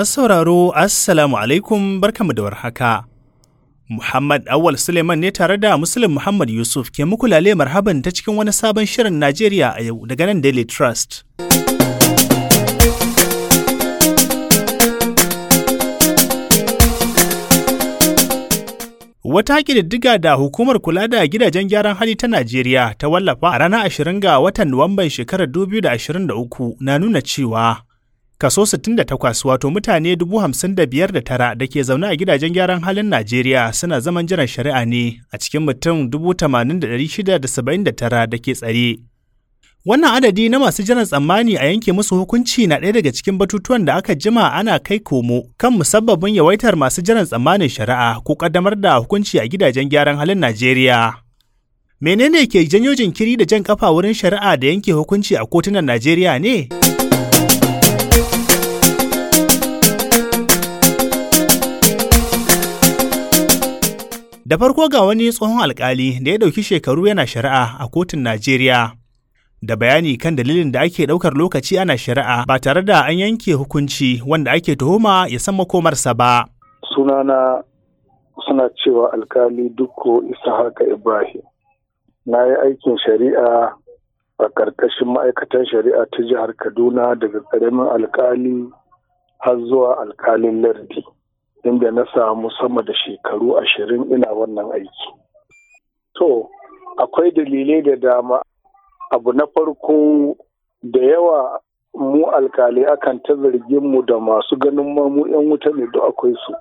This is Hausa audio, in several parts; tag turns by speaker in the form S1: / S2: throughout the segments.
S1: Masu sauraro, Assalamu alaikum barkamu da warhaka. Muhammad Awal Suleiman ne tare da Muslim Muhammad Yusuf ke muku lale marhaban ta cikin wani sabon shirin Najeriya a yau daga nan Daily Trust. Wata ƙididdiga da hukumar kula da gidajen gyaran hali ta Najeriya ta wallafa a ranar 20 ga watan Nuwamban shekarar 2023 na nuna cewa kaso 68 wato mutane 55,009 da ke zaune a gidajen gyaran halin Najeriya suna zaman jiran shari'a ne a cikin mutum 80,679 da ke tsare. Wannan adadi na masu jiran tsammani a yanke musu hukunci na ɗaya daga cikin batutuwan da aka jima ana kai komo kan musabbabin yawaitar masu jiran tsammanin shari'a ko kaddamar da hukunci a gidajen gyaran halin Najeriya. Menene ke janyo jinkiri da jan kafa wurin shari'a da yanke hukunci a kotunan Najeriya ne? Da farko ga wani tsohon alkali da ya ɗauki shekaru yana shari'a a kotun Najeriya. Da bayani kan dalilin da ake ɗaukar lokaci ana shari'a ba tare da an yanke hukunci wanda ake tuhuma ya san makomarsa ba.
S2: Sunana suna cewa alkali Dukko Isahaka Ibrahim. Na yi aikin shari'a a ƙarƙashin ma'aikatan shari'a ta jihar Kaduna daga ƙaramin alkali har zuwa alkalin lardi. inda na samu sama da shekaru ashirin ina wannan aiki. To, akwai dalilai da dama abu na farko da yawa mu alkalai akan ta zargin mu da masu ganin mu 'yan wuta ne duk akwai su.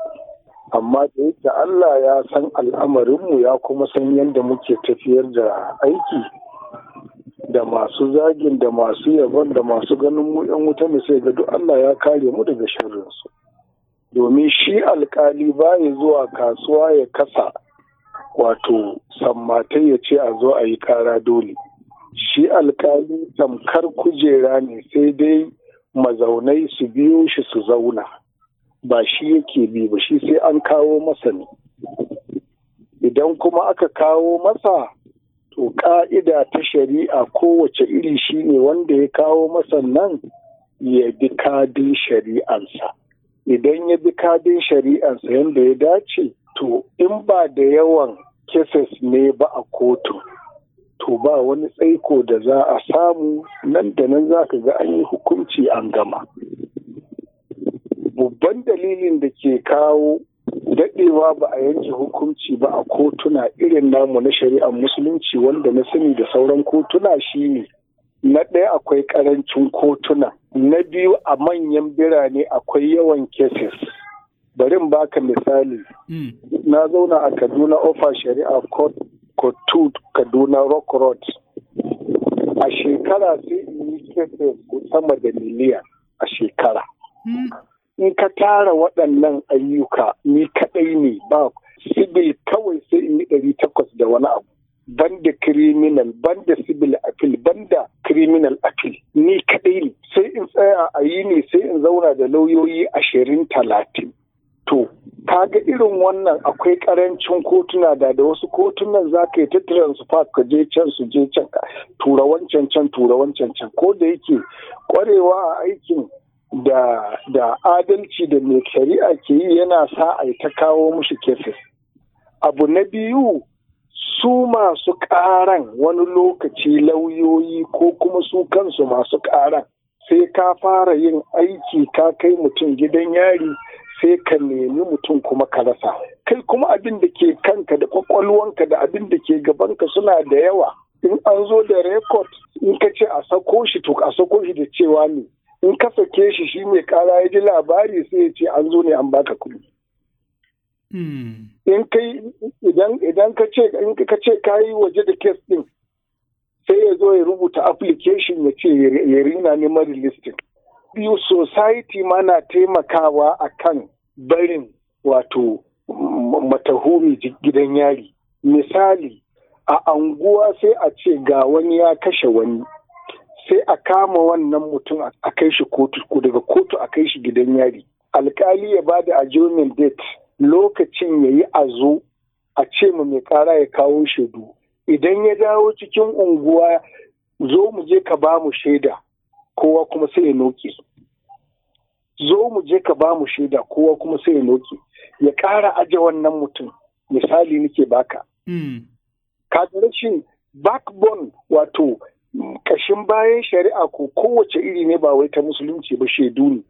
S2: Amma da yadda Allah ya san al'amarinmu ya kuma san yadda muke tafiyar da aiki da masu zagin da masu yabon da masu ganin mu 'yan wuta ne sai ga duk Allah ya kare mu daga shirinsu. domin shi alkali baya zuwa kasuwa ya kasa wato sammatai ya ce a zo a yi kara dole shi alkali tamkar kujera ne sai dai mazaunai su biyo shi su zauna ba shi yake bi ba shi sai an kawo masa ne idan kuma aka kawo masa to ka'ida ta shari'a kowace iri shi ne wanda ya kawo masa nan ya bi kadin shari'ansa idan ya bi kadin shari'arsa yadda ya dace to in ba da yawan cases ne ba a kotu to ba wani tsaiko da za a samu nan da nan za ka ga an yi hukunci an gama babban dalilin da ke kawo daɗewa ba a yanke hukunci ba a kotuna irin namu na shari'ar musulunci wanda na sani da sauran kotuna shine na ɗaya akwai ƙarancin kotuna na biyu a manyan birane akwai yawan cases bari in baka misali hmm. na zauna a kaduna ofa shari'a court kotu kaduna rock road a shekara sai in yi cases sama da miliyan a shekara hmm. in ka tara waɗannan ayyuka ni kaɗai ne ba sibil kawai sai in yi ɗari takwas da wani abu banda criminal banda sibil appeal banda criminal appeal yi ne sai in zauna da lauyoyi ashirin talatin to kaga irin wannan akwai karancin kotuna da da wasu kotunan za ka yi ta fa ka je can su je can ka tura wancan can tura wancan can ko da yake kwarewa a aikin da adalci da mai shari'a ke yi yana sa a ta kawo mushi kefe. abu na biyu su masu ƙaran wani lokaci lauyoyi ko kuma su kansu masu ƙaran. sai ka fara yin aiki ka kai mutum gidan yari sai ka nemi mutum kuma ka rasa kai kuma abin da ke kanka da kwakwalwanka da abin da ke gabanka suna da yawa in an zo da rekod in ka ce a sako shi to a sako shi da cewa ne in ka sake shi shi mai kara ya ji labari sai ya ce an zo ne an baka kuɗi hmm. in kai idan ka ce ka yi waje da kes din sai ya zo ya rubuta application ya ce ya rina neman listin. biyu society ma na taimakawa a kan barin wato matahumi gidan yari misali a anguwa sai a ce ga wani ya kashe wani sai a kama wannan mutum a kai shi kotu ko daga kotu a kai shi gidan yari alkali ya ba da adjournment date lokacin ya yi a zo a ce ma mai kara ya kawo shaidu idan ya dawo cikin unguwa zo mu je ka ba mu shaida kowa kuma sai ya noke zo mu je ka ba mu shaida kowa kuma sai ya noke ya ƙara aje wannan mutum misali nake baka ka hmm. rashin backbone wato ƙashin bayan shari'a ko kowace iri ne ba wai ta musulunci ba shaidu ne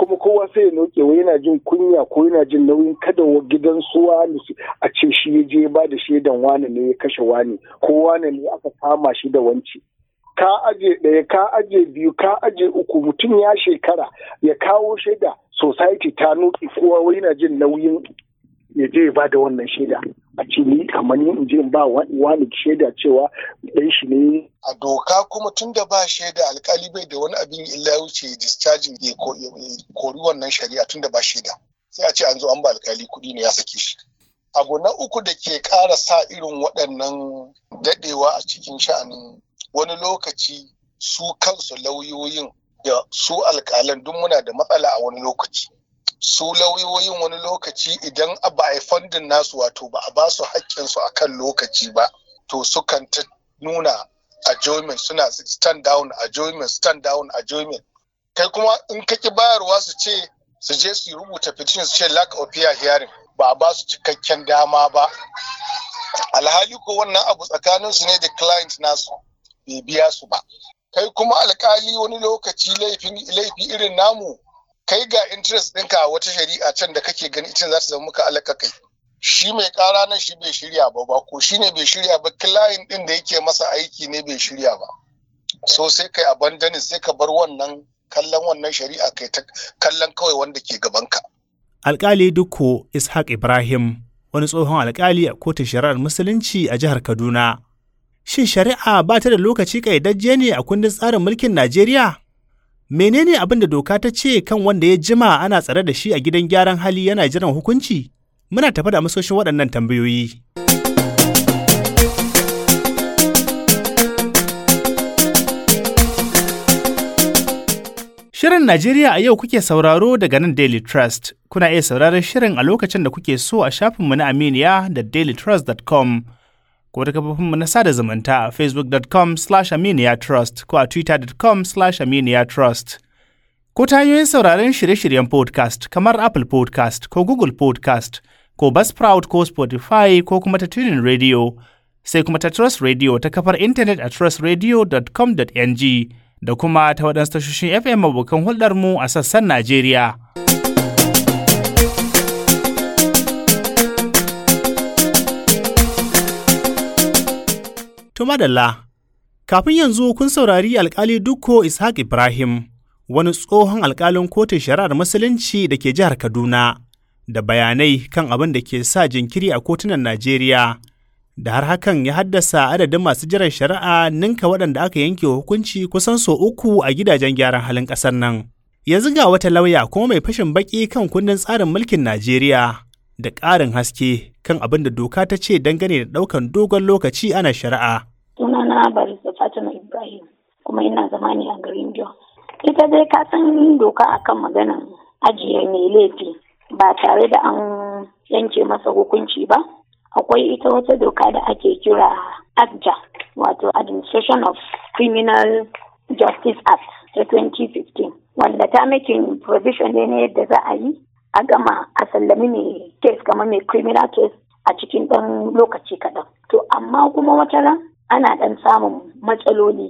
S2: kuma kowa sai ya noke wa yana jin kunya ko yana jin nauyin kada wa gidan su a ce shi ya je ba da shaidan wani ne ya kashe wani ko wani ne aka kama shi da wanci ka aje ɗaya ka aje biyu ka aje uku mutum ya shekara ya kawo shaida society ta noke kowa yana jin nauyin ya je ba da wannan shaida a ce ni kamar ni in je ba wani shaida cewa dan shi ne
S3: a doka kuma tun da ba shaida alkali bai da wani abin illa wuce discharging ya kori wannan shari'a tun da ba shaida sai a ce an zo an ba alkali kuɗi ne ya sake shi abu na uku da ke ƙara sa irin waɗannan daɗewa a cikin sha'anin wani lokaci su kansu lauyoyin da su alkalan duk muna da matsala a wani lokaci su lauyoyin wani lokaci idan ba a fandin nasu wato ba a ba su haƙƙinsu a kan lokaci ba to sukan ta nuna adjournment suna stand down adjournment stand down adjournment kai kuma in kaki bayarwa su ce su je su rubuta petition su ce lack of fear hearing ba a ba su cikakken dama ba alhali ko wannan abu tsakanin su ne da client nasu bai biya su ba kai kuma alkali wani lokaci laifi irin namu kai ga interest ɗinka a wata shari'a can da kake gani ita za ta zama muka alaka kai shi mai ƙara nan shi bai shirya ba ba ko shi ne bai shirya ba client ɗin da yake masa aiki ne bai shirya ba so sai kai bandani sai ka bar wannan
S1: kallon wannan shari'a kai ta kallon kawai wanda ke gaban ka. Alƙali dukko ishaq ibrahim wani tsohon alƙali a kotun shari'ar musulunci a jihar kaduna shin shari'a ba ta da lokaci kaidajje ne a kundin tsarin mulkin najeriya menene abin da doka ta ce kan wanda ya jima ana tsare da shi a gidan gyaran hali yana jiran hukunci? Muna tafi da amsoshin waɗannan tambayoyi. Shirin Najeriya a yau kuke sauraro daga nan Daily Trust. Kuna iya sauraron shirin a lokacin da kuke so a shafinmu na Aminiya da dailytrust.com. ko ta mu na sada zumunta a facebook.com slash trust ko a twitter.com slash trust Ko ta hanyoyin sauraron shirye-shiryen podcast kamar Apple podcast ko Google podcast ko Buzzsprout ko Spotify ko kuma ta tunin radio sai kuma ta Trust Radio ta kafar intanet a trustradio.com.ng da kuma ta waɗansu tashoshin FM abokan hulɗarmu a sassan Najeriya. To madalla, kafin yanzu kun saurari alkali Dukko Ishaq Ibrahim, wani tsohon alkalin kotun shari'ar musulunci da ke jihar Kaduna, da bayanai kan abin da ke sa jinkiri a kotunan Najeriya, da har hakan ya haddasa adadin masu jiran shari'a ninka waɗanda aka yanke hukunci kusan so uku a gidajen gyaran halin ƙasar nan. Yanzu ga wata lauya kuma mai fashin baƙi kan kundin tsarin mulkin Najeriya da ƙarin haske kan abin da doka ta ce dangane da ɗaukan dogon lokaci ana shari'a.
S4: sunana da fatima ibrahim
S1: kuma ina zama ne a
S4: garin jos ita dai ka san doka akan maganan ajiye mai laifi ba tare da an yanke masa hukunci ba akwai ita wata doka da ake kira adja wato administration of criminal justice act ta 2015 wanda ta makin provision ne na yadda za a yi a gama a sallami mai case kamar mai criminal case a cikin ɗan lokaci kaɗan to amma kuma wata ran ana ɗan samun matsaloli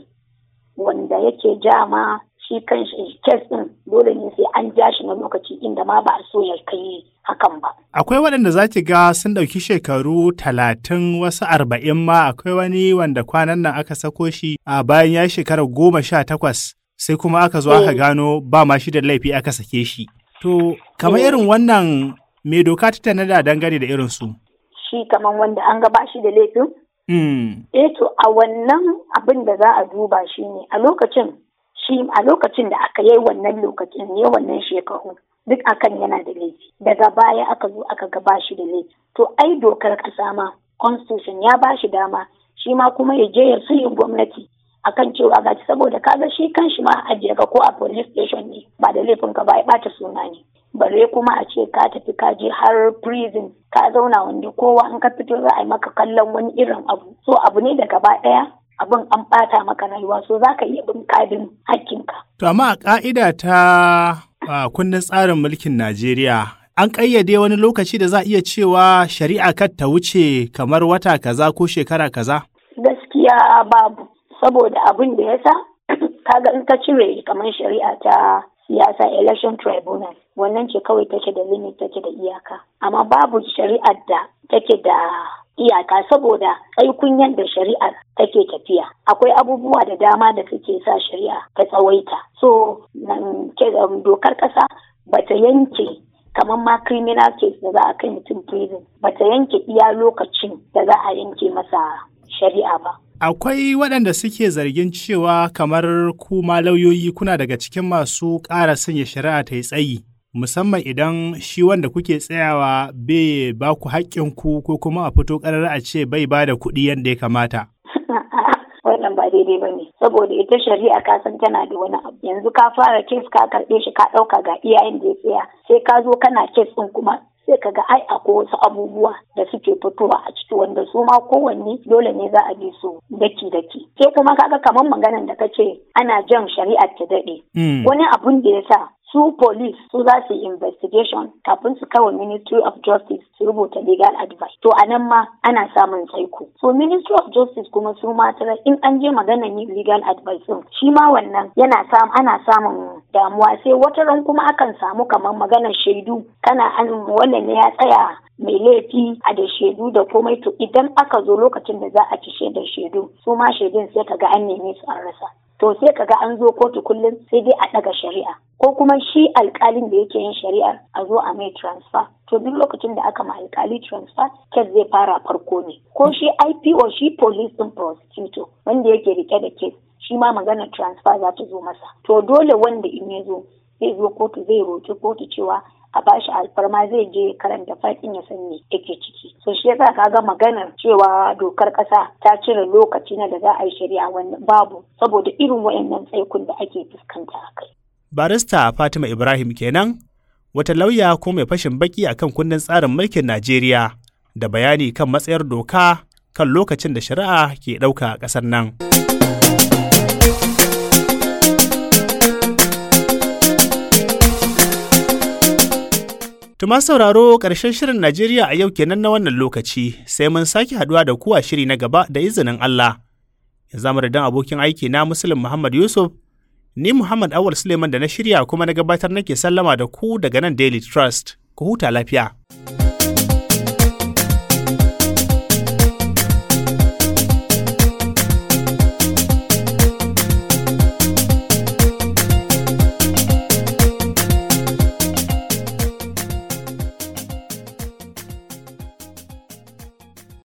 S4: wanda yake jama shi kan kes ɗin dole ne sai an ja shi na lokaci inda ma ba a so ya kai hakan
S1: ba. Akwai waɗanda za ki ga sun ɗauki shekaru talatin wasu arba'in ma akwai wani wanda kwanan nan aka sako shi a bayan ya shekara goma sha takwas sai kuma aka zo aka eh. gano ba ma shi da laifi aka sake shi. To, kamar eh. irin wannan me doka ta tanada dangane da irin su?
S4: Shi kamar wanda an gaba shi da laifin Mm. Eh to a wannan abin da za a duba shi ne a lokacin da aka yi wannan lokacin ne wannan shekaru duk akan yana da laifi daga baya aka zo aka gaba shi da laifi to ai dokar kasa ma constitution ya ba shi dama shi ma kuma ya je ya sulhin gwamnati akan cewa gaci saboda kaga shi kan shi ma ajiye ga ko a police station ne ba da laifin ka ba ya bata suna ne bare kuma a ce ka tafi kaji har prison ka zauna wanda kowa in ka fito za a yi maka kallon wani irin abu so abu ne da gaba ɗaya abin an ɓata maka rayuwa so za ka iya bin kadin hakkinka.
S1: To amma a ƙa'ida ta kundin tsarin mulkin Najeriya an kayyade wani lokaci da za a iya cewa shari'a kan ta wuce kamar wata kaza ko shekara kaza?
S4: Gaskiya babu saboda abin da ya sa kaga in ka cire kamar shari'a ta siyasa election tribunal wannan ce kawai take da limit take da iyaka amma babu shari'ar da take da iyaka saboda tsaikun yadda shari'ar take tafiya akwai abubuwa da dama da suke sa shari'a ta tsawaita so um, dokar kasa bata yanke kamar ma criminal case da za a kai mutum prison bata yanke iya lokacin da za a yanke masa shari'a ba
S1: Akwai waɗanda suke zargin cewa kamar kuma lauyoyi kuna daga cikin masu ƙara sanya shari'a ta yi tsayi, musamman idan shi wanda kuke tsayawa bai ba ku haƙƙinku ko kuma a fito ƙarar a ce bai ba da kuɗi yadda ya kamata.
S4: wannan ba daidai ba ne saboda ita shari'a ka san tana da wani abu yanzu ka fara kes ka karɓe shi ka ɗauka ga iyayen da ya tsaya sai ka zo kana kes ɗin kuma sai ka ga ai akwai wasu abubuwa da suke fitowa a ciki wanda su ma kowanne dole ne za a bi su daki daki sai kuma kaga kamar maganan da kace ana jan shari'a ta daɗe mm. wani abun da ya sa su police su za su investigation kafin su kawo ministry of justice su rubuta legal advice to a nan ma ana samun tsaiko so ministry of justice kuma su ma in an je maganan yin legal advice din shi ma wannan yana sam ana samun damuwa sai wata ran kuma akan samu kamar maganar shaidu kana an wannan ne ya tsaya mai laifi a da shaidu da komai to idan aka zo lokacin da za a ci shaidar shaidu su ma shaidun sai ka ga an neme su an rasa to sai kaga an zo kotu kullum sai dai a ɗaga shari'a ko kuma shi alkalin da yake yin shari'ar a zo a mai transfer to duk lokacin da aka ma alkali transfer kes zai fara farko ne ko shi IPO shi police din prosecutor wanda yake rike da kes shi ma magana transfer za ta zo masa to dole wanda in ya zo zai zo kotu zai roki kotu cewa a bashi alfarma zai je karanta faɗin ya san me yake ciki so shi yasa ka ga maganar cewa dokar ƙasa ta cire lokaci na da za a yi shari'a wannan babu saboda irin wayannan tsaikun da ake fuskanta a kai
S1: barista Fatima Ibrahim kenan wata lauya ko mai fashin baki akan kundin tsarin mulkin Najeriya da bayani kan matsayar doka kan lokacin da shari'a ke ɗauka a ƙasar nan. Tuma sauraro ƙarshen shirin Najeriya a yau kenan na wannan lokaci sai mun sake haɗuwa da kuwa shiri na gaba da izinin Allah. Yanzu zamu da abokin aiki na Musulun Muhammad Yusuf, ni Muhammad Awal Suleiman da na shirya kuma na gabatar nake sallama da ku daga nan Daily Trust. Ku huta lafiya.